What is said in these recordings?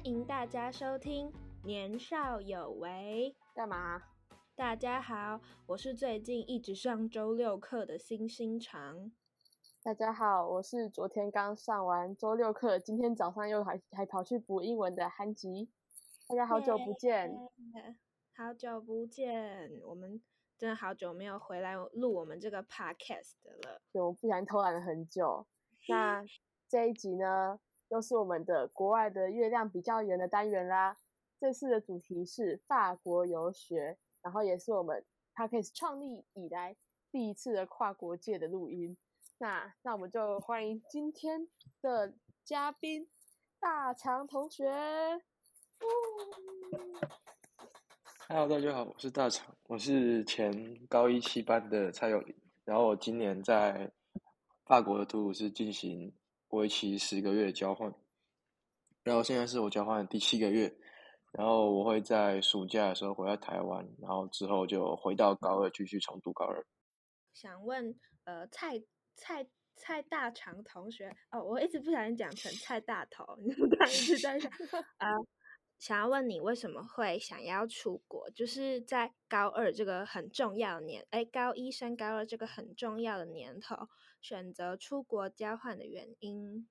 歡迎大家收聽《年少有為》。幹嘛？大家好，我是最近一直上周六課的星星長。大家好，我是昨天剛上完周六課，今天早上又還還跑去補英文的韓吉。大家好久不見，yeah, yeah, yeah, yeah. 好久不見，我們真的好久沒有回來錄我們這個 podcast 了，我不小心偷懶了很久。 那這一集呢？又是我們的國外的月亮比較圓的單元啦。這次的主題是法國遊學，然後也是我們 podcast 創立以來第一次的跨國界的錄音。那那我們就歡迎今天的嘉賓大腸同學。Hello，大家好，我是大腸，我是前高一七班的蔡友林，然後我今年在法國的圖盧茲進行，為期十個月交換，然後現在是我交換的第七個月，然後我會在暑假的時候回到台灣，然後之後就回到高二繼續重讀高二。想問呃蔡蔡蔡大長同學哦，我一直不小心講成蔡大頭， 你剛剛一直在想啊、 呃，想要問你為什麼會想要出國，就是在高二這個很重要的年，哎，高一升高二這個很重要的年頭。選擇出國交換的原因，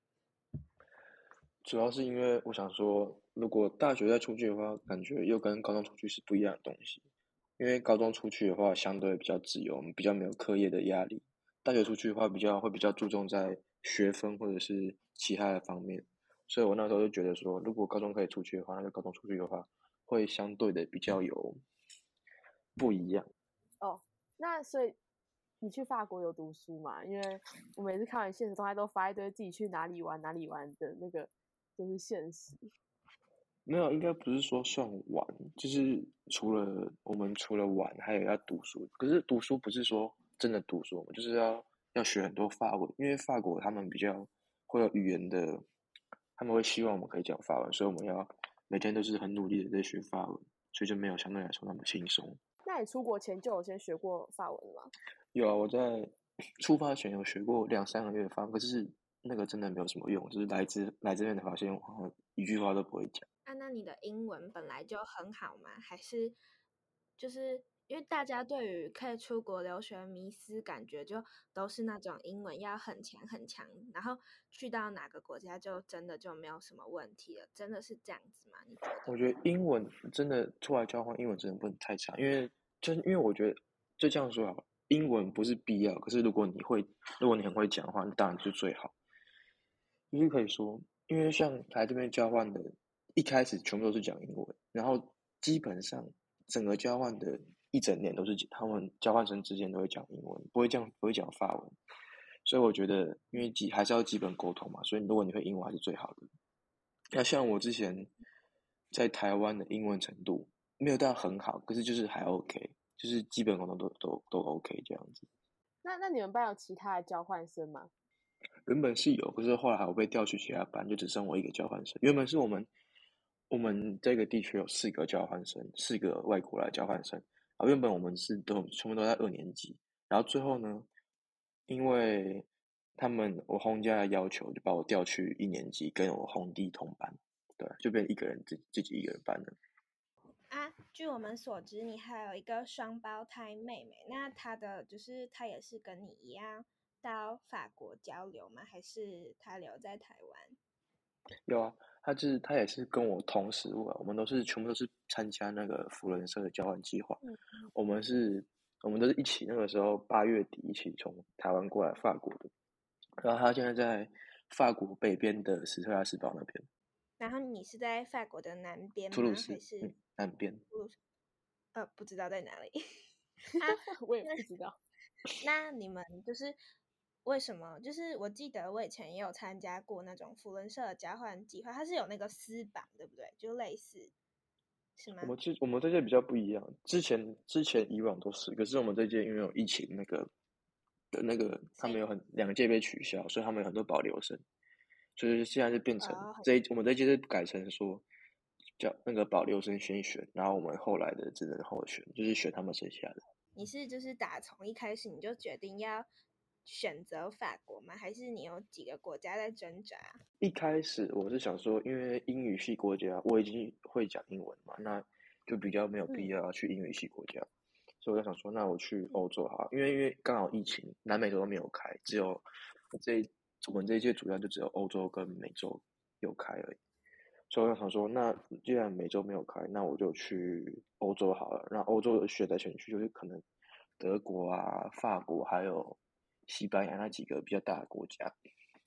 主要是因為我想說，如果大學再出去的話，感覺又跟高中出去是不一樣的東西。因為高中出去的話，相對比較自由，比較沒有課業的壓力；大學出去的話，比較會比較注重在學分或者是其他的方面。所以我那時候就覺得說，如果高中可以出去的話，那就高中出去的話，會相對的比較有不一樣。哦，那所以。你去法國有讀書嗎？因為我每次看完限時動態都發一堆自己去哪裡玩哪裡玩的那個，就是限時。沒有，應該不是說算玩，就是除了我們除了玩，還有要讀書。可是讀書不是說真的讀書，我就是要要學很多法文，因為法國他們比較會有語言的，他們會希望我們可以講法文，所以我們要每天都是很努力的在學法文，所以就沒有相對來說那麼輕鬆。那你出國前就有先學過法文嗎？有啊，我在出發前有學過兩三個月的法，可是那個真的沒有什麼用，就是來自來這邊的發現，我好像一句話都不會講。那、啊、那你的英文本來就很好嗎？還是就是因為大家對於可以出國留學迷思，感覺就都是那種英文要很強很強，然後去到哪個國家就真的就沒有什麼問題了，真的是這樣子嗎？你覺得？我覺得英文真的出來交換，英文真的不能太強，因為真因為我覺得就這樣說好了。英文不是必要，可是如果你會，如果你很會講的話，那當然是最好。你是可以說，因為像台這邊交換的，一開始全部都是講英文，然後基本上整個交換的一整年都是他們交換生之間都會講英文，不會講不會講法文。所以我覺得，因為基還是要基本溝通嘛，所以如果你會英文還是最好的。那像我之前在台灣的英文程度沒有到很好，可是就是還 OK。就是基本功都都都 OK 這樣子。那那你們班有其他的交換生嗎？原本是有，可、就是後來我被調去其他班，就只剩我一個交換生。原本是我們我們這個地區有四個交換生，四個外國來的交換生。啊，原本我們是都全部都在二年級。然後最後呢，因為他們我 home 家的要求，就把我調去一年級，跟我 home 弟同班。對，就變一個人自己自己一個人班了。據我們所知，你還有一個雙胞胎妹妹，那她的就是她也是跟你一樣到法國交流嗎？還是她留在台灣？有啊，她就是她也是跟我同時，我們都是全部都是參加那個扶輪社的交換計劃。嗯、我們是我們都是一起，那個時候八月底一起從台灣過來法國的。然後她現在在法國北邊的斯特拉斯堡那邊。然後你是在法國的南邊嗎？吐魯斯還是、嗯、南邊？魯、啊、呃，不知道在哪裡啊， 我也不知道。 那你們就是為什麼？就是我記得我以前也有參加過那種扶輪社交換計劃，它是有那個私榜對不對？就類似，是嗎？我們這我們這屆比較不一樣，之前之前以往都是，可是我們這屆因為有疫情，那個，的那個他們有很兩個屆被取消，所以他們有很多保留生。所以、就是、現在就變成這一，oh, okay. 我們這一屆是改成說，叫那個保留生先選，然後我們後來的只能候選，就是選他們剩下的。你是就是打從一開始你就決定要選擇法國嗎？還是你有幾個國家在掙扎、啊？一開始我是想說，因為英語系國家我已經會講英文嘛，那就比較沒有必要去英語系國家，mm -hmm. 所以我就想說，那我去歐洲哈，因為因為剛好疫情，南美洲都，都沒有開，只有這一。我們這一屆主要就只有歐洲跟美洲有開而已，所以我想說，那既然美洲沒有開，那我就去歐洲好了。然後歐洲選的選來選去就是可能德國啊、法國還有西班牙那幾個比較大的國家，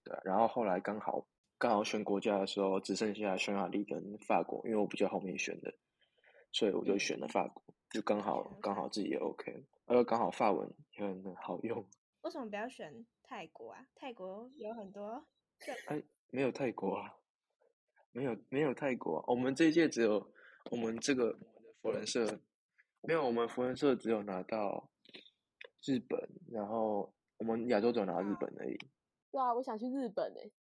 對、啊。然後後來剛好剛好選國家的時候只剩下匈牙利跟法國，因為我比較後面選的，所以我就選了法國，就剛好剛好自己也 OK，還有剛好法文也很好用。為什麼不要選？泰國啊，泰國有很多。哎、欸，沒有泰國啊，沒有沒有泰國、啊。我們這一屆只有我們這個佛人社沒有，我們佛人社只有拿到日本，然後我們亞洲只有拿到日本而已。對啊，我想去日本誒、欸。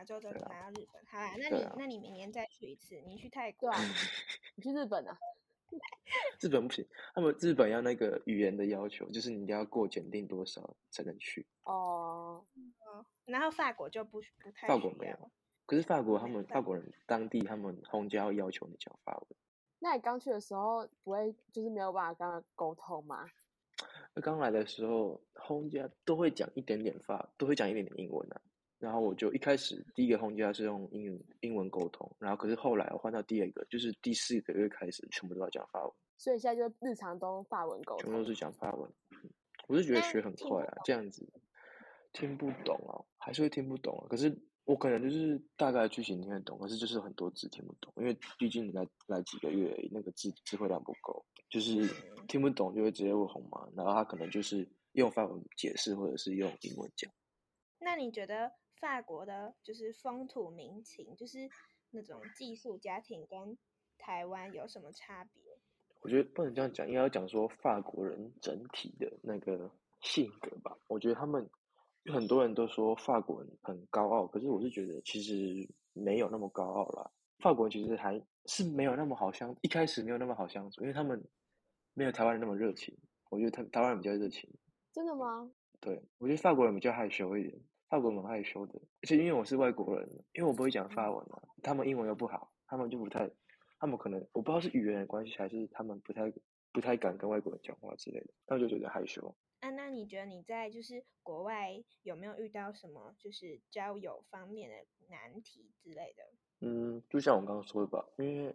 亞洲只有拿到日本，啊、好、啊，那你、啊、那你明年再去一次，你去泰國，啊、你去日本啊。 日本不行，他們日本要那個語言的要求，就是你一定要過檢定多少才能去。哦、oh. oh.，然後法國就不不太，法國沒有，可是法國他們法國人，法國人法國當地他們 home 家要要求你講法文。那你剛去的時候不會就是沒有辦法跟他溝通嗎？剛來的時候，home 家都會講一點點法，都會講一點點英文啊。然後我就一開始第一個 home 家是用英語英文溝通，然後可是後來我換到第二個，就是第四個月開始全部都在講法文。所以現在就日常都法文溝通，全部都是講法文。我是覺得學很快啊，這樣子聽不懂啊，還是會聽不懂啊。可是我可能就是大概劇情聽得懂，可是就是很多字聽不懂，因為畢竟來來幾個月而已，那個字詞彙量不夠，就是聽不懂就會直接問 home 嘛。然後他可能就是用法文解釋，或者是用英文講。那你覺得？法國的就是風土民情，就是那種寄宿家庭跟台灣有什麼差別？我覺得不能這樣講，應該要講說法國人整體的那個性格吧。我覺得他們很多人都說法國人很高傲，可是我是覺得其實沒有那麼高傲啦。法國人其實還是沒有那麼好相，一開始沒有那麼好相處，因為他們沒有台灣人那麼熱情。我覺得他台灣人比較熱情。真的嗎？對，我覺得法國人比較害羞一點。法國人蠻害羞的，而且因為我是外國人，因為我不會講法文嘛、啊，他們英文又不好，他們就不太，他們可能我不知道是語言的關係，還是他們不太不太敢跟外國人講話之類的，那就覺得害羞。啊，那你覺得你在就是國外有沒有遇到什麼就是交友方面的難題之類的？嗯，就像我剛剛說的吧，因為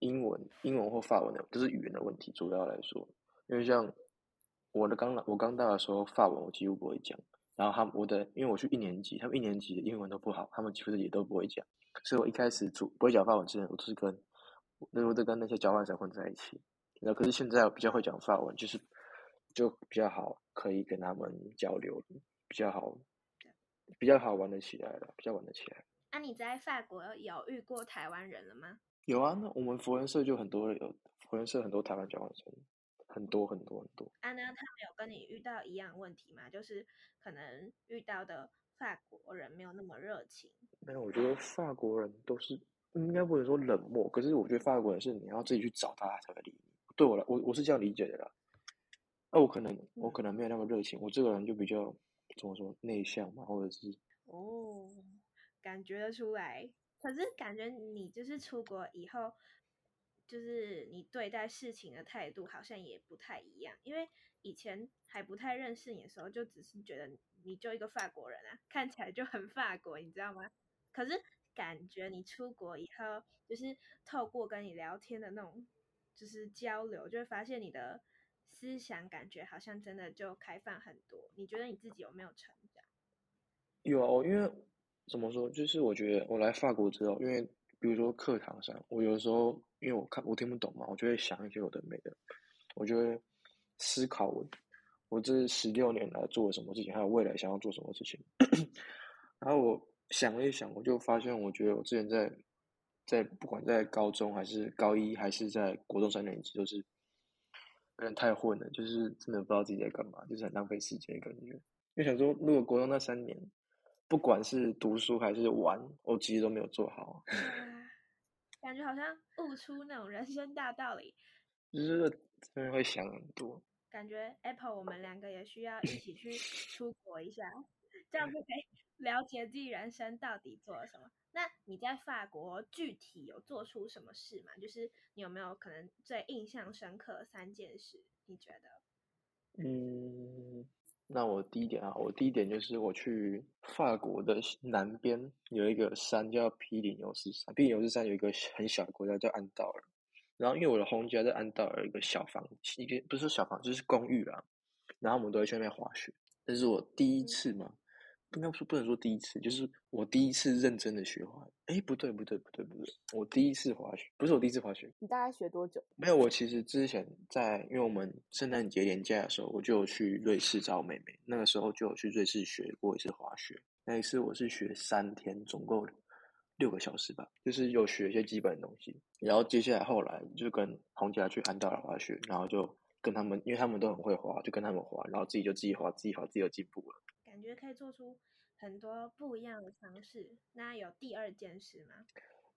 英文、英文或法文的都、就是語言的問題，主要來說，因為像我的剛來，我剛到的時候，法文我幾乎不會講。然後他們我的，因為我去一年級，他們一年級的英文都不好，他們幾乎也都不會講，所以我一開始主不會講法文之前，我都是跟，那我都跟那些交換生混在一起。然後可是現在我比較會講法文，就是就比較好可以跟他們交流，比較好，比較好玩得起來了，比較玩得起來。那、啊、你在法國有遇過台灣人了嗎？有啊，那我們佛文社就很多有，佛文社很多台灣交換生。很多很多很多。安、啊、娜，那他們有跟你遇到一樣問題嗎？就是可能遇到的法國人沒有那麼熱情。沒有，我覺得法國人都是應該不能說冷漠，可是我覺得法國人是你要自己去找他才會理你。對我來，我我，我是這樣理解的啦。哦、啊，我可能我可能沒有那麼熱情、嗯，我這個人就比較怎麼說內向嘛，或者是。哦，感覺得出來。可是感覺你就是出國以後。就是你對待事情的態度好像也不太一樣，因為以前還不太認識你的時候，就只是覺得你就一個法國人啊，看起來就很法國，你知道嗎？可是感覺你出國以後，就是透過跟你聊天的那種，就是交流，就會發現你的思想感覺好像真的就開放很多。你覺得你自己有沒有成長？有啊，因為怎麼說，就是我覺得我來法國之後，因為。比如說課堂上，我有的時候因為我看我聽不懂嘛，我就會想一些我的美的，的我就會思考我我這十六年來做了什麼事情，還有未來想要做什麼事情。 然後我想了一想，我就發現，我覺得我之前在在不管在高中還是高一，還是在國中三年級，都、就是有點太混了，就是真的不知道自己在幹嘛，就是很浪費時間的感覺。因為想說，如果國中那三年。不管是讀書還是玩，我其實都沒有做好。啊，感覺好像悟出那種人生大道理，就是真的會想很多。感覺 Apple，我們兩個也需要一起去出國一下， 這樣就可以了解自己人生到底做了什麼。那你在法國具體有做出什麼事嗎？就是你有沒有可能最印象深刻三件事？你覺得？嗯。那我第一點啊，我第一點就是我去法國的南邊有一個山叫皮里牛斯山，皮里牛斯山有一個很小的國家叫安道爾，然後因為我的 home 家在安道爾一個小房，一個不是小房，就是公寓啊，然後我們都會去那邊滑雪，這是我第一次嘛。應該說不能說第一次，就是我第一次認真的學滑。哎，不對不對不對不對，我第一次滑雪不是我第一次滑雪。你大概學多久？沒有，我其實之前在因為我們聖誕節連假的時候，我就有去瑞士找我妹妹。那個時候就有去瑞士學過一次滑雪。那一次我是學三天，總共六個小時吧，就是有學一些基本的東西。然後接下來後來就跟紅佳去安道爾滑雪，然後就跟他們，因為他們都很會滑，就跟他們滑，然後自己就自己滑，自己滑自己有進步了。你覺得可以做出很多不一樣的嘗試。那有第二件事嗎？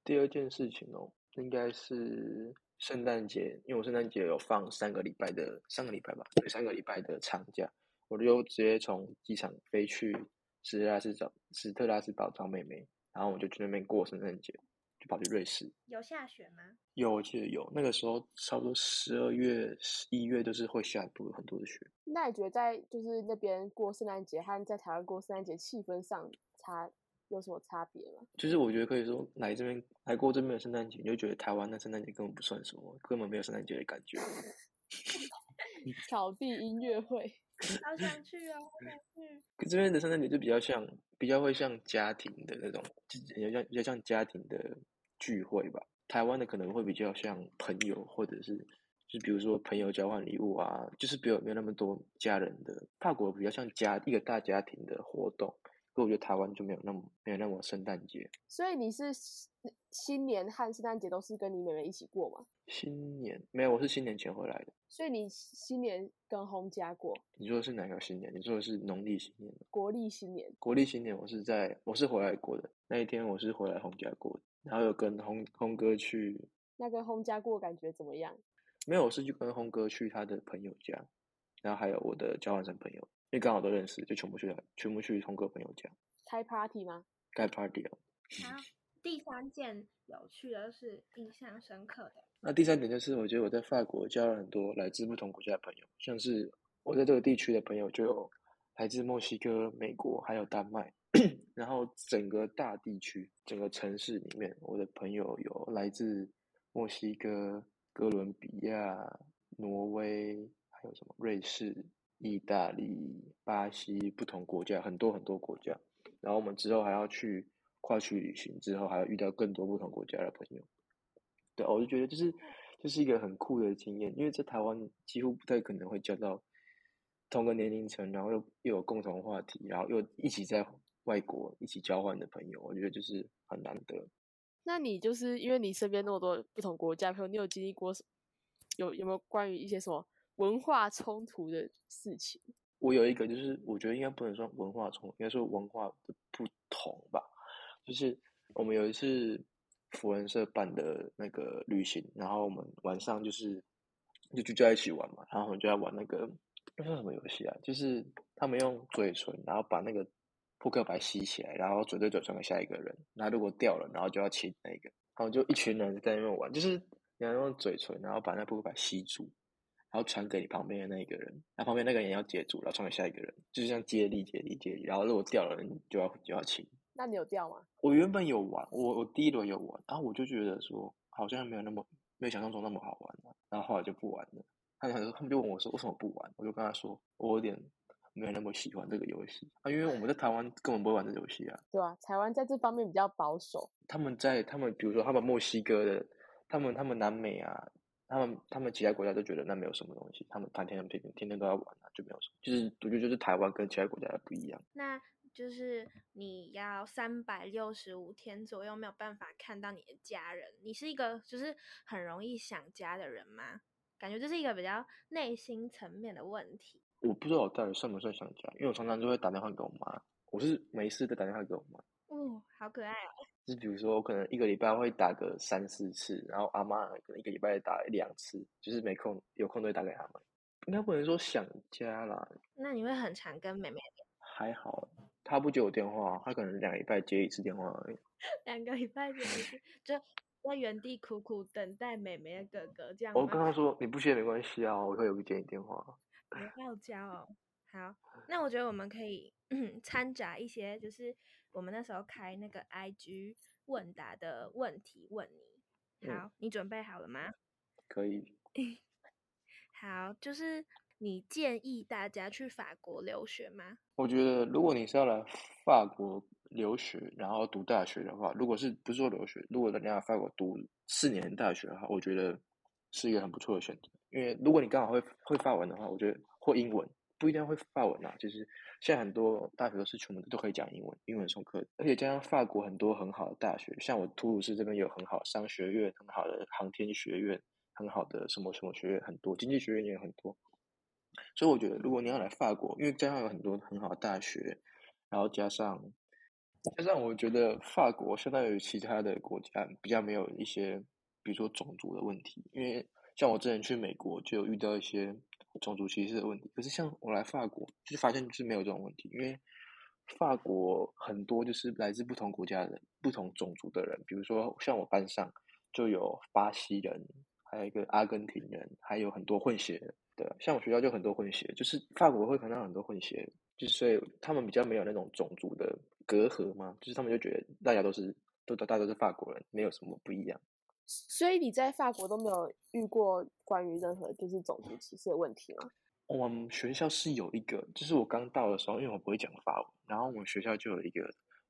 第二件事情哦，應該是聖誕節，因為我聖誕節有放三個禮拜的，三個禮拜吧，對，三個禮拜的長假，我就直接從機場飛去史特拉斯堡，斯特拉斯堡找，找妹妹，然後我就去那邊過聖誕節。就跑去瑞士。有下雪嗎？有，我記得有。那個時候差不多十二月、十一月都是會下多很多的雪。那你覺得在就是那邊過聖誕節和在台灣過聖誕節氣氛上差有什麼差別嗎就是我覺得可以說來這邊來過這邊的聖誕節，你就覺得台灣的聖誕節根本不算什麼，根本沒有聖誕節的感覺。 草地音樂會，好 想去啊！好想去。可這邊的聖誕節就比較像。比較會像家庭的那種，就比較像比較像家庭的聚會吧。台灣的可能會比較像朋友，或者是就是比如說朋友交換禮物啊，就是比如沒有那麼多家人的。法國比較像家一個大家庭的活動。所以我覺得台灣就沒有那麼沒有那麼聖誕節。所以你是新年和聖誕節都是跟你妹妹一起過嗎？新年沒有，我是新年前回來的。所以你新年跟洪家過？你說的是哪個新年？你說的是農曆新年？國曆新年。國曆新年我是在我是回來過的那一天，我是回來洪家過，然後有跟洪洪哥去。那個洪家過感覺怎麼樣？沒有，我是去跟洪哥去他的朋友家，然後還有我的交換生朋友。嗯因為剛好都認識，就全部去了，全部去同個朋友家開 party 嗎？開 party 了、哦、然、啊、第三件有趣的是，印象深刻的那、嗯啊、第三點就是，我覺得我在法國交了很多來自不同國家的朋友，像是我在這個地區的朋友就有來自墨西哥、美國，還有丹麥。 然後整個大地區、整個城市裡面，我的朋友有來自墨西哥、哥倫比亞、挪威，還有什麼瑞士。意大利、巴西，不同國家很多很多國家，然後我們之後還要去跨區旅行，之後還要遇到更多不同國家的朋友。對，我就覺得就是就是一個很酷的經驗，因為在台灣幾乎不太可能會交到同個年齡層，然後又又有共同話題，然後又一起在外國一起交換的朋友，我覺得就是很難得。那你就是因為你身邊那麼多不同國家朋友，你有經歷過有有沒有關於一些什麼？文化衝突的事情，我有一個，就是我覺得應該不能算文化衝，應該說文化的不同吧。就是我們有一次福文社辦的那個旅行，然後我們晚上就是就聚在一起玩嘛，然後我們就要玩那個那是什麼遊戲啊？就是他們用嘴唇，然後把那個撲克牌吸起來，然後嘴對嘴傳給下一個人，然後如果掉了，然後就要親那個，然後就一群人在那邊玩，就是你要用嘴唇，然後把那撲克牌吸住。然後傳給你旁邊的那一個人，那、啊、旁邊的那個人也要接住，然後傳給下一個人，就是這樣接力接力接力。然後如果掉了，你就要就要親。那你有掉嗎？我原本有玩，我我第一輪有玩，然後我就覺得說，好像沒有那麼沒有想象中那麼好玩，然後後來就不玩了。他們他們就問我說為什麼不玩，我就跟他說我有點沒有那麼喜歡這個遊戲啊，因為我們在台灣根本不會玩這個遊戲啊。對啊，台灣在這方面比較保守。他們在他們比如說他們墨西哥的，他們他們南美啊。他們他們其他國家都覺得那沒有什麼東西，他們談天很平，天天都要玩啊，就沒有什麼。就是我覺得就是台灣跟其他國家的不一樣。那就是你要三百六十五天左右沒有辦法看到你的家人，你是一個就是很容易想家的人嗎？感覺這是一個比較內心層面的問題。我不知道我到底算不算想家，因為我常常就會打電話給我媽，我是沒事就打電話給我媽。哦，好可愛哦，啊。比如說，我可能一個禮拜會打個三四次，然後阿媽可能一個禮拜打兩次，就是沒空有空都會打給他們。應該不能說想家了。那你會很常跟妹妹？還好，她不接我電話，她可能兩禮拜接一次電話而已。兩個禮拜接一次，就在原地苦苦等待妹妹的哥哥這樣。 我跟她說，你不接沒關係啊，我會有個接你電話。傲嬌哦，好，那我覺得我們可以、嗯、摻雜一些，就是。我們那時候開那個 IG 問答的問題問你，好，嗯，你準備好了嗎？可以。 好，就是你建議大家去法國留學嗎？我覺得，如果你是要來法國留學，然後讀大學的話，如果是不是說留學，如果人家要法國讀四年大學的話，我覺得是一個很不錯的選擇。因為如果你剛好會會法文的話，我覺得或英文。不一定要會法文啊，其實現在很多大學都是全部都可以講英文，英文授課，而且加上法國很多很好的大學，像我圖盧茲這邊有很好商學院，很好的航天學院，很好的什麼什麼學院很多，經濟學院也很多。所以我覺得，如果你要來法國，因為加上有很多很好的大學，然後加上加上我覺得法國相當於其他的國家比較沒有一些，比如說種族的問題，因為。像我之前去美國，就有遇到一些種族歧視的問題。可是像我來法國，就發現就是沒有這種問題，因為法國很多就是來自不同國家的、不同種族的人，比如說像我班上就有巴西人，還有一個阿根廷人，還有很多混血的。對，像我學校就很多混血，就是法國會看到很多混血，就是所以他們比較沒有那種種族的隔閡嘛，就是他們就覺得大家都是都，大家都是法國人，沒有什麼不一樣。所以你在法國都沒有遇過關於任何就是種族歧視的問題嗎？我們學校是有一個，就是我剛到的時候，因為我不會講法文，然後我們學校就有一個，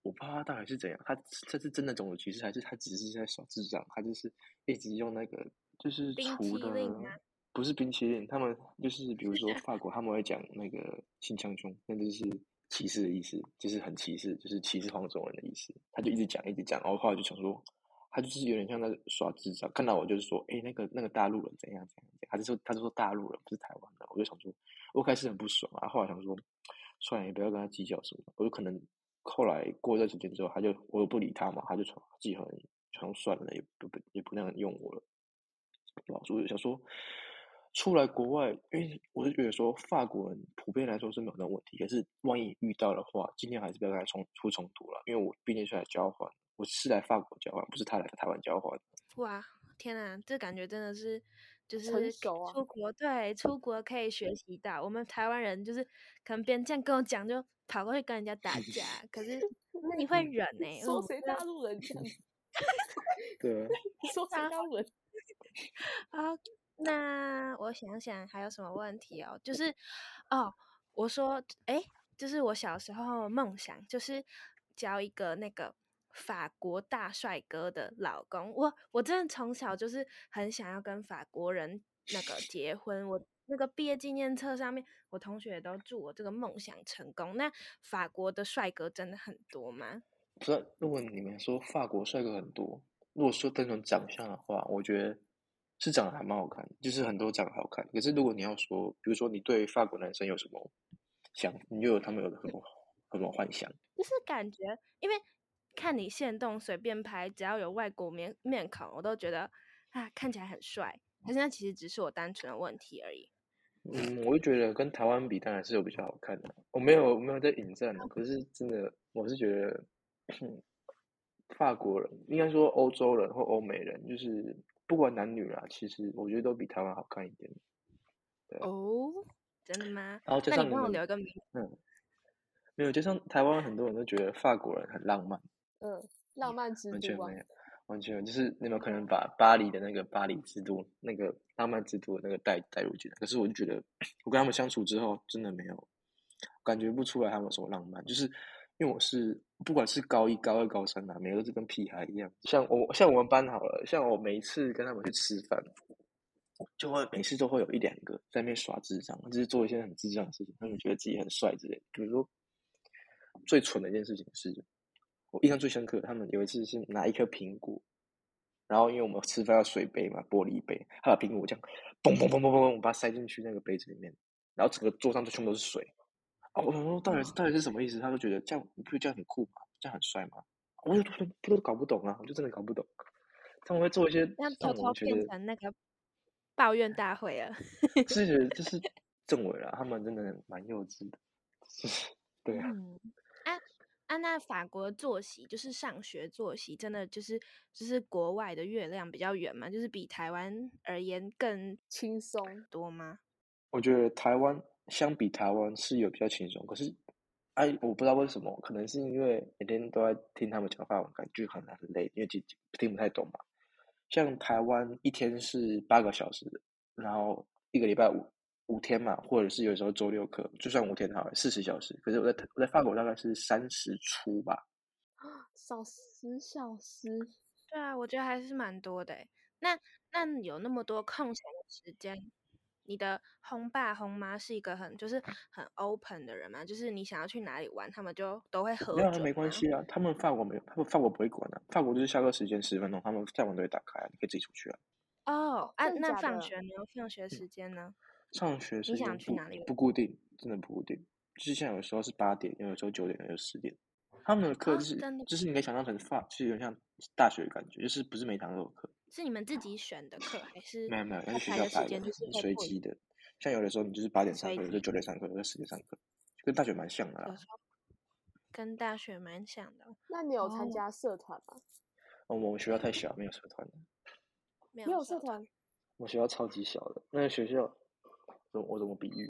我不知道他到底是怎樣，他他是真的種族歧視還是他只是在耍智障，他就是一直用那個就是除的、冰淇淋啊、不是冰淇淋，他們就是比如說法國，他們會講那個“新槍中”，那就是歧視的意思，就是很歧視，就是歧視黃種人的意思。他就一直講一直講，然後後來就想說。他就是有點像在耍智障，看到我就是說，哎、欸，那個那個大陸人怎樣怎樣怎樣，他就說，他就說大陸人不是台灣的，我就想說，我開始很不爽啊。後來想說，算了，也不要跟他計較什麼。我就可能後來過一段時間之後，他就我又不理他嘛，他就他自己很好像算了，也不不也不那樣用我了。老說想說，出來國外，因為我是覺得說法國人普遍來說是沒有那種問題，可是萬一遇到的話，儘量還是不要跟他衝出衝突了，因為我畢竟是來交換。我是來法國交換，不是他來台灣交換哇，天哪、啊，這感覺真的是，就是出國、啊、對，出國可以學習到。我們台灣人就是，可能別人這樣跟我講，就跑過去跟人家打架。 可是那你會忍呢、欸 啊？說誰大陸人？對，說誰大陸人啊。那我想想還有什麼問題哦？就是哦，我說哎、欸，就是我小時候夢想就是教一個那個。法國大帥哥的老公，我我真的從小就是很想要跟法國人那個結婚。我那個畢業紀念冊上面，我同學也都祝我這個夢想成功。那法國的帥哥真的很多嗎？如果你們說法國帥哥很多，如果說這種長相的話，我覺得是長得還蠻好看，就是很多長得好看。可是如果你要說，比如說你對法國男生有什麼想，你又有他們有很多很多幻想， 就是感覺因為。看你限動隨便拍，只要有外國面面孔，我都覺得啊，看起來很帥。可是那其實只是我單純的問題而已。嗯，我就覺得跟台灣比，當然是有比較好看的，啊。我沒有我沒有在引戰嘛，可是真的，我是覺得法國人應該說歐洲人或歐美人，就是不管男女啦，啊，其實我覺得都比台灣好看一點。哦，真的嗎？然後就你幫我留一個名。嗯，沒有，就像台灣很多人都覺得法國人很浪漫。嗯，浪漫之都完全沒有，完全沒有，就是你們可能把巴黎的那個巴黎之都，那個浪漫之都那個帶帶入去。可是我就覺得，我跟他們相處之後，真的沒有感覺不出來他們說浪漫，就是因為我是不管是高一、高二、高三吶，啊，每個都是跟屁孩一樣。像我，像我們班好了，像我每一次跟他們去吃飯，就會每次都會有一兩個在那邊耍智障，就是做一些很智障的事情，他們覺得自己很帥之類的。比如說最蠢的一件事情是，我印象最深刻，他們有一次是拿一顆蘋果，然後因為我們吃飯要水杯嘛，玻璃杯，他把蘋果這樣，嘣嘣嘣嘣嘣嘣，把它塞進去那個杯子裡面，然後整個桌上就全都是水。我、哦、說、哦，到底到底是什麼意思？他就覺得這樣，不這樣很酷嗎？這樣很帥嗎、哦？我就都，都，都，都搞不懂啊！我就真的搞不懂。他們會做一些讓偷偷變成那個抱怨大會了。 其實是就是政委了，他們真的蠻幼稚的。是， 對啊。嗯那、啊、那法國的作息就是上學作息，真的就是就是國外的月亮比較圓嘛，就是比台灣而言更輕鬆多嗎？我覺得台灣相比台灣是有比較輕鬆，可是哎我不知道為什麼，可能是因為每天都在聽他們講話，我感覺很難很累，因為聽聽不太懂嘛。像台灣一天是八個小時，然後一個禮拜五。五天嘛，或者是有時候周六課，就算五天好，好四十小時。可是我在我在法國大概是三十出吧，少、哦、十小，小時。對啊，我覺得還是蠻多的。那那有那麼多空閒的時間，你的轟爸轟媽是一個很就是很 open 的人嘛，就是你想要去哪裡玩，他們就都會和、啊。沒有啊，沒關係啊，他們法國沒有，他們法國不會管的、啊。法國就是下課時間十分鐘，他們再晚都會打開、啊，你可以自己出去啊。哦，啊，那放學，你放學時間呢？嗯上學是不想去哪裡？不固定，真的不固定，就是像有的時候是八點，有的時候九點，有時候十點。他們的課就是、啊、就是你可以想象成發，就是有點像大學的感覺，就是不是每堂都有課。是你們自己選的課還是？沒有沒有，那是學校時間就是隨機的，像有的時候你就是八點上課，有的九點上課，有的十點上課，跟大學蠻像的、啊。跟大學蠻像的。那你有參加社團嗎、啊？哦，我們學校太小，沒有社團沒有社團。我們學校超級小的，那個、學校。我我怎麼比喻？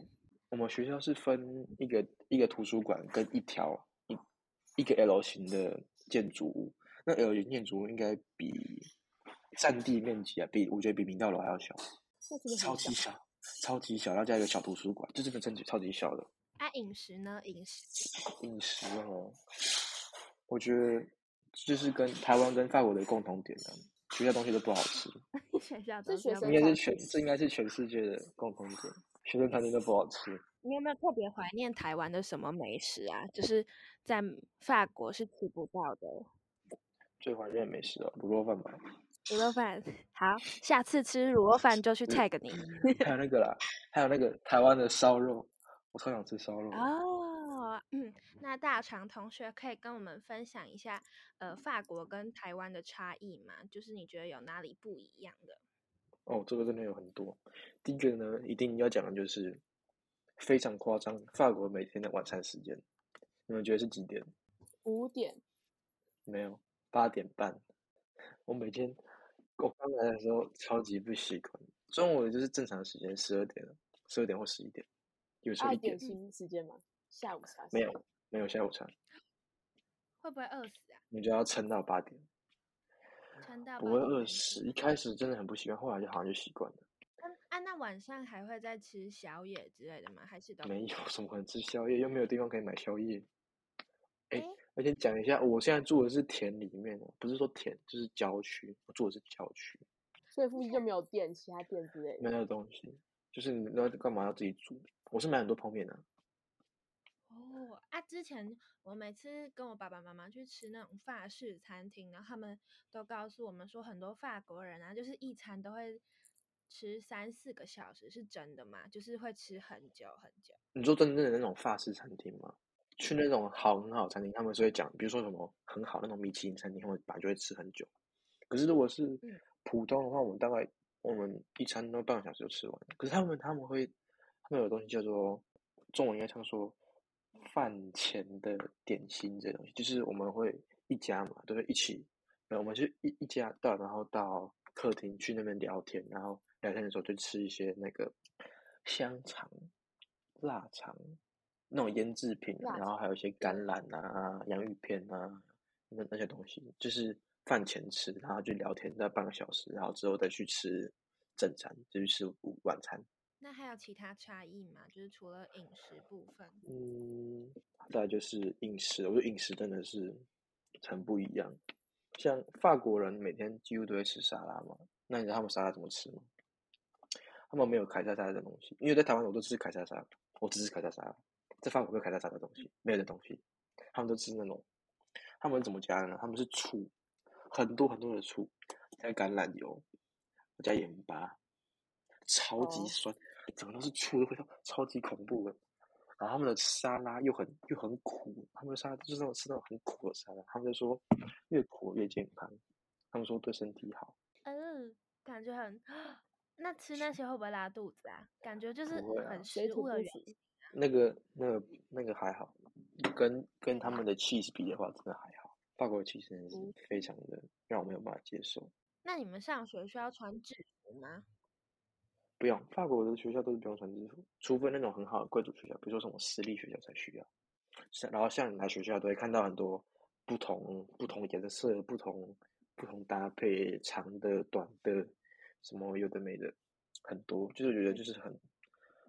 我們學校是分一個一個圖書館跟一條一一個 L 型的建築物，那 L 型建築物應該比占地面積啊，比我覺得比明道樓還要小，小，超級小，超級小，然後加一個小圖書館，就真的超級超級小的。啊，飲食呢？飲食？飲食哦、啊。我覺得就是跟台灣跟法國的共同點、啊，學校東西都不好吃， 學校這學應該是全這應該是全世界的共同點。其他餐廳都不好吃。你有沒有特別懷念台灣的什麼美食啊？就是在法國是吃不到的。最懷念美食的滷肉飯吧。滷肉飯好，下次吃滷肉飯就去 tag 你，嗯。還有那個啦，還有那個台灣的燒肉，我超想吃燒肉。哦，嗯，那大腸同學可以跟我們分享一下，呃，法國跟台灣的差異嗎？就是你覺得有哪裡不一樣的？哦，這個真的有很多。第一個呢，一定要講的就是非常誇張，法國每天的晚餐時間，你們覺得是幾點？五點？沒有，八點半。我每天我剛來的時候超級不習慣，中午就是正常時間十二點了，十二點或十一點。有時候一點。啊，點心時間嗎？下午茶？沒有，沒有下午茶。會不會餓死啊？你就要撐到八點。不會餓死，一開始真的很不習慣，後來就好像就習慣了。啊，那晚上還會再吃宵夜之類的嗎？還是都沒有，什麼可吃宵夜？又沒有地方可以買宵夜。哎，我先講一下，我現在住的是田裡面，不是說田就是郊區，我住的是郊區，所以附近就沒有店，其他店之類沒有，那個，東西，就是你要幹嘛要自己煮？我是買很多泡麵的、啊。啊！之前我每次跟我爸爸媽媽去吃那種法式餐廳，然後他們都告訴我們說，很多法國人啊，就是一餐都會吃三四個小時，是真的嗎？就是會吃很久很久。你說真正的那種法式餐廳嗎去那種好很好的餐廳，他們就會講，比如說什麼很好那種米其林餐廳，他們本來就會吃很久。可是如果是普通的話，嗯、我們大概我們一餐都半個小時就吃完。可是他們他們會，他們有東西叫做中文應該唱說。飯前的點心這東西，就是我們會一家嘛，都會一起，然後我們就一一家到，然後到客廳去那邊聊天，然後聊天的時候就吃一些那個香腸、臘腸那種醃製品啊，然後還有一些橄欖啊、洋芋片啊，那那些東西就是飯前吃，然後就聊天在半個小時，然後之後再去吃正餐，就去吃午晚餐。那還有其他差異嗎？就是除了飲食部分，嗯，再就是飲食，我覺得飲食真的是很不一樣。像法國人每天幾乎都會吃沙拉嘛，那你知道他們沙拉怎麼吃嗎？他們沒有凱撒沙拉的東西，因為在台灣我都吃凱撒沙拉，我只吃凱撒沙拉，在法國沒有凱撒沙拉的東西，沒有的東西，他們都吃那種，他們怎麼加呢？他們是醋，很多很多的醋，加橄欖油，我加鹽巴，超級酸。哦怎麼都是醋的味道，超級恐怖的。然後他們的沙拉又很又很苦，他們的沙拉就是那種吃到很苦的沙拉。他們就說越苦越健康，他們說對身體好。嗯，感覺很……那吃那些會不會拉肚子啊？感覺就是很水土的服、啊。那個、那個、那個還好，跟跟他們的氣 h 比的話，真的還好。法國 c h 是非常的讓我沒有辦法接受。那你們上學需要穿制服嗎？不用，法國的學校都是不用穿制服，除非那種很好的貴族學校，比如說什麼私立學校才需要。是，然後像你來學校都會看到很多不同、不同顏色、不同、不同搭配、長的、短的，什麼有的、沒的，很多，就是覺得就是很、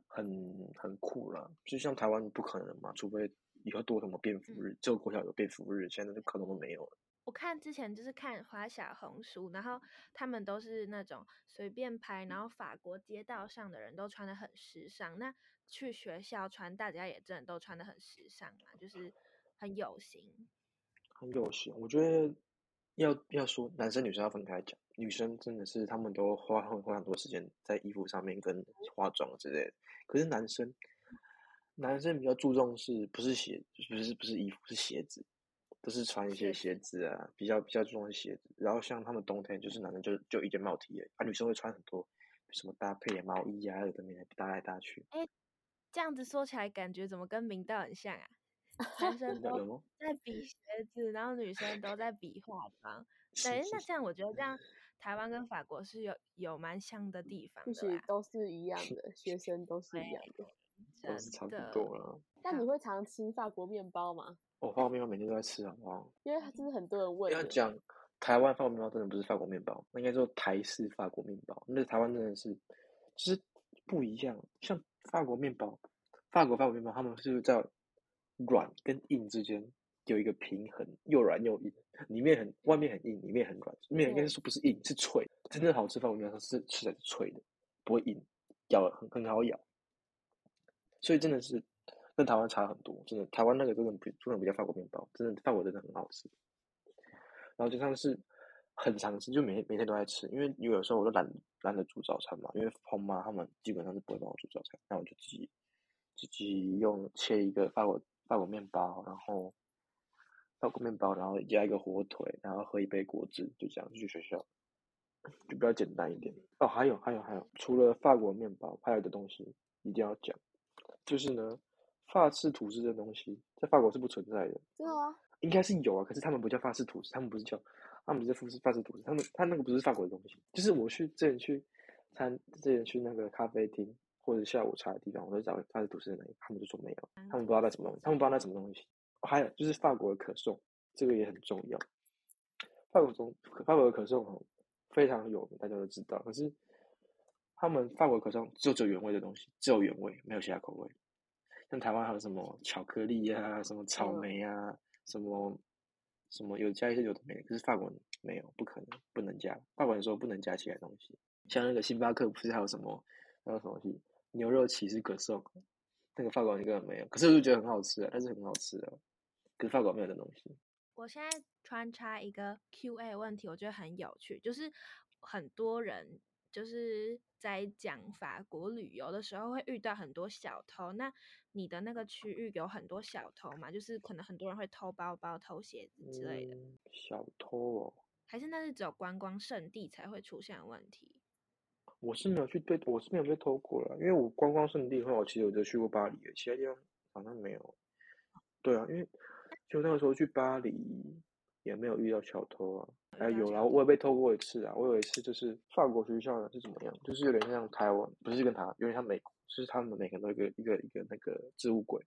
很、很酷了。就像台灣不可能嘛，除非以後多什麼便服日、嗯，這個國家有便服日，現在就可能都沒有了。我看之前就是看花小紅書，然後他們都是那種隨便拍，然後法國街道上的人都穿的很時尚。那去學校穿，大家也真的都穿的很時尚啊，就是很有型。很有型。我覺得要要說男生女生要分開講，女生真的是他們都花花花很多時間在衣服上面跟化妝之類的。可是男生，男生比較注重是不是鞋，就是、不是不是衣服是鞋子。都是穿一些鞋子啊，比較比較重的鞋子。然後像他們冬天，就是男人就就一件毛衣，啊女生會穿很多，什麼搭配呀毛衣啊，等的女的搭來搭去。哎、欸，這樣子說起來，感覺怎麼跟明道很像啊？男生都在比鞋子，然後女生都在比化妝。哎， 那像我覺得這樣，是是是台灣跟法國是有有蠻像的地方的。其實都是一樣的，學生都是一樣的，哎、的都是差不多啦、啊。那、啊、你會常吃法國麵包嗎？我、哦、法國麵包每天都在吃啊，因為真的很多人問。要講台灣法國麵包，真的不是法國麵包，那應該說台式法國麵包。那台灣真的是其實、就是、不一樣，像法國麵包，法國法國麵包，他們是在軟跟硬之間有一個平衡，又軟又硬，裡面很，外面很硬，裡面很軟。裡面應該是說不是硬，是脆的、嗯。真正好吃法國麵包，它是吃起來是脆的，不會硬，咬很很好咬。所以真的是。跟台灣差很多，真的。台灣那個真的比的比較法國麵包，真的法國真的很好吃。然後就像是很常吃，就每天每天都在吃，因為有的時候我都懶懶得煮早餐嘛，因為爸媽他們基本上是不會幫我煮早餐，那我就自己自己用切一個法國法國麵包，然後法國麵包，然後加一個火腿，然後喝一杯果汁，就這樣就去學校，就比較簡單一點。哦，還有還有還有，除了法國麵包，還有個東西一定要講，就是呢。法式吐司這東西在法國是不存在的，真的啊？應該是有啊，可是他們不叫法式吐司，他們不是叫，他們不是法式法式吐司，他們他那個不是法國的東西。就是我去之前去餐之前去那個咖啡廳或者下午茶的地方，我都找個法式吐司在哪裡，他們就說沒有，嗯、他們不知道那什麼東西，他們不知道那什麼東西。還有就是法國的可頌，這個也很重要。法國中，法國的可頌非常有名，大家都知道。可是他們法國可頌只，只有原味的東西，只有原味，沒有其他口味。像台灣還有什麼巧克力呀、啊嗯，什麼草莓呀、啊嗯，什麼什麼有加一些有的沒有，可是法國沒有，不可能不能加。法國人說不能加其他東西，像那個星巴克不是還有什麼還有什麼東西牛肉起司可頌那個法國一個沒有，可是我覺得很好吃啊，但是很好吃的、啊，可是法國沒有的東西。我現在穿插一個 Q&A 問題，我覺得很有趣，就是很多人就是在講法國旅遊的時候會遇到很多小偷，那。你的那個區域有很多小偷嘛？就是可能很多人會偷包包、偷鞋子之類的、嗯。小偷哦，還是那是只有觀光聖地才會出現的問題？我是沒有去對，我是沒有被偷過了、啊。因為我觀光聖地的話，我其實我就去過巴黎，其他地方好像沒有。對啊，因為就那個時候去巴黎也沒有遇到小偷啊。偷哎，有啊，我也被偷過一次啊。我有一次就是法國學校的，是怎麼樣？就是有點像台灣，不是跟他，有點像美國。就是他們每個人都有一個一個一個,一個那個置物櫃，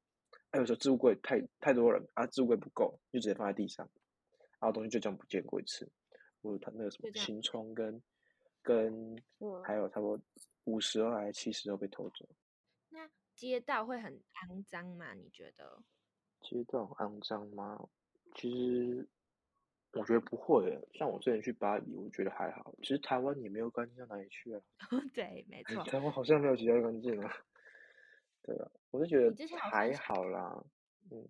哎，有時候置物櫃太太多人，啊，置物櫃不夠，就直接放在地上，然後，啊，東西就這樣不見過一次。我他那個什麼青沖跟跟還有差不多五十多還是七十都被偷走。那街道會很骯髒嗎？你覺得？街道很骯髒嗎？其實。我覺得不會的，像我之前去巴黎，我覺得還好。其實台灣也沒有乾淨到哪裡去啊。 對，沒錯，台灣好像沒有其他乾淨啊。對啊，我就覺得還好啦。嗯，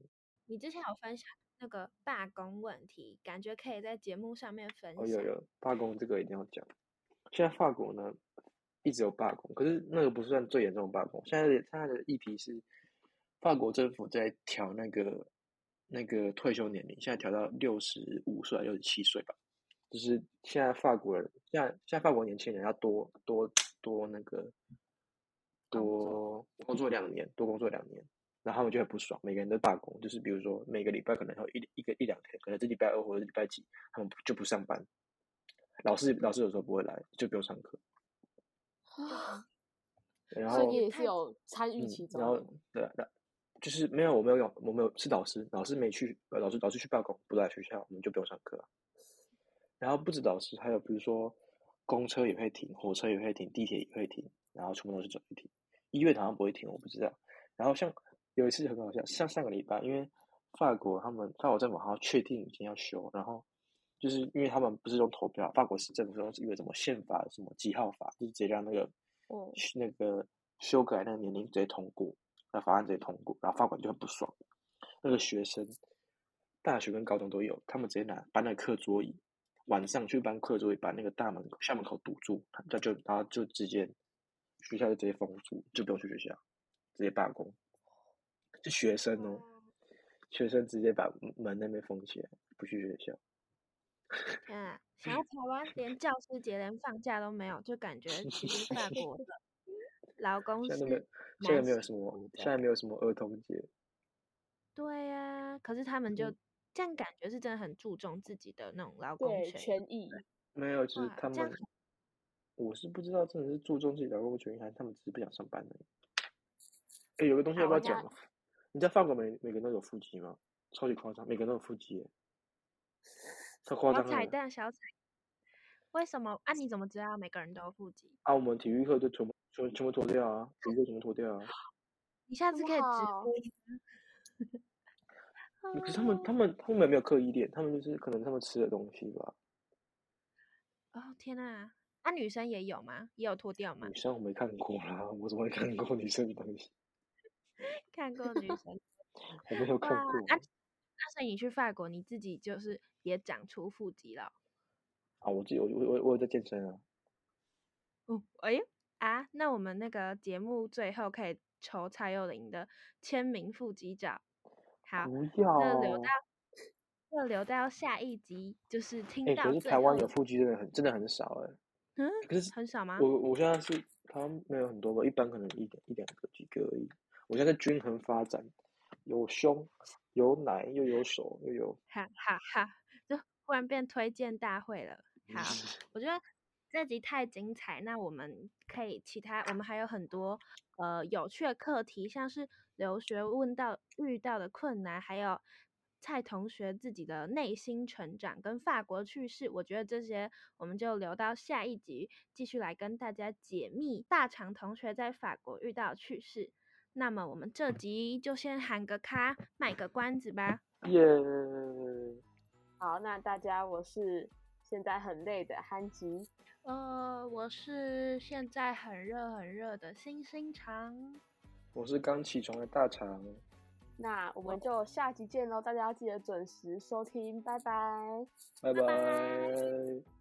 你之前有分享那個罷工問題，感覺可以在節目上面分享。享、哦。有有，罷工這個一定要講。現在法國呢一直有罷工，可是那個不算最嚴重的罷工。現在它的議題是法國政府在調那個。那個退休年齡現在調到六十五歲、六十七歲吧。就是現在法國人，現在現在法國年輕人要多多多那個多工作，工作兩年，多工作兩年，然後他們就很不爽。每個人都罷工，就是比如說每個禮拜可能要一一個一兩天，可能是禮拜二或者禮拜幾，他們就不上班。老師老師有時候不會來，就不用上課。啊， 所以也是有參與其中、嗯。然後對的。對就是沒有，我沒有用，我沒有是導師，老師沒去，老師導師去罷工，不在學校，我們就不用上課。然後不止導師，還有比如說，公車也會停，火車也會停，地鐵也會停，然後全部都是走路停。醫院好像不會停，我不知道。然後像有一次就很好笑，像上個禮拜，因為法國他們法國政府好像確定已經要修，然後就是因為他們不是用投票，法國是政府不是用什麼憲法什麼幾號法，就直接讓那個嗯那個修改那個年齡直接通過。法案直接通過，然後法官就很不爽。那個學生，大學跟高中都有，他們直接拿搬了課桌椅，晚上去搬課桌椅，把那個大門校門口堵住，他就然後就直接學校就直接封住，就不用去學校，直接罷工。就學生哦，啊、學生直接把門那邊封起來，不去學校。天啊，像台灣 連教師節連放假都沒有，就感覺其實是國的老公是。現在沒有什麼，現在沒有什麼兒童節。對呀、啊，可是他們就、嗯、這樣，感覺是真的很注重自己的那種勞動權、權益。沒有，其、就、實、是、他們，我是不知道，真的是注重自己的勞動權益，還是他們只是不想上班呢？誒、欸，有個東西要不要講？啊、你知道法國，每每個人都有腹肌嗎？超級誇張，每個人都有腹肌耶。誇張。小彩蛋，小彩。為什麼？啊，你怎麼知道每個人都有腹肌？啊，我們體育課就全部。全全部脫掉啊！全部全部脫掉啊。你下次可以直播。可是他們他們後面，沒有刻意練，他們就是可能他們吃的東西吧。哦天哪，啊、那、啊、女生也有嗎？也有脫掉嗎？女生我沒看過啦，我怎麼沒看過女生的東西？看過女生。 我沒有看過。啊、那、啊、所以你去法國，你自己就是也長出腹肌了？啊，我自己我我我有我在健身啊。哦，哎。啊，那我們那個節目最後可以求蔡依林的簽名腹肌照好不要，啊，那留到，留到下一集就是聽到、欸。可是台灣有腹肌的人很真的很少哎、欸，嗯，可是很少嗎？我我現在是，他們沒有很多的，一般可能一點、一兩個幾個而已。我現在均衡發展，有胸有奶又有手又有，哈哈哈，就忽然變推薦大會了。好，嗯、我覺得。這集太精彩，那我們可以其他，我們還有很多呃有趣的課題，像是留學問到遇到的困難，還有蔡同學自己的內心成長跟法國趣事。我覺得這些我們就留到下一集繼續來跟大家解密大腸同學在法國遇到趣事。那麼我們這集就先喊個卡，賣個關子吧。耶、yeah！好，那大家，我是。現在很累的憨吉，呃，我是現在很熱很熱的星星腸，我是剛起床的大腸，那我們就下集見嘍！大家要記得準時收聽，拜拜，拜拜。Bye bye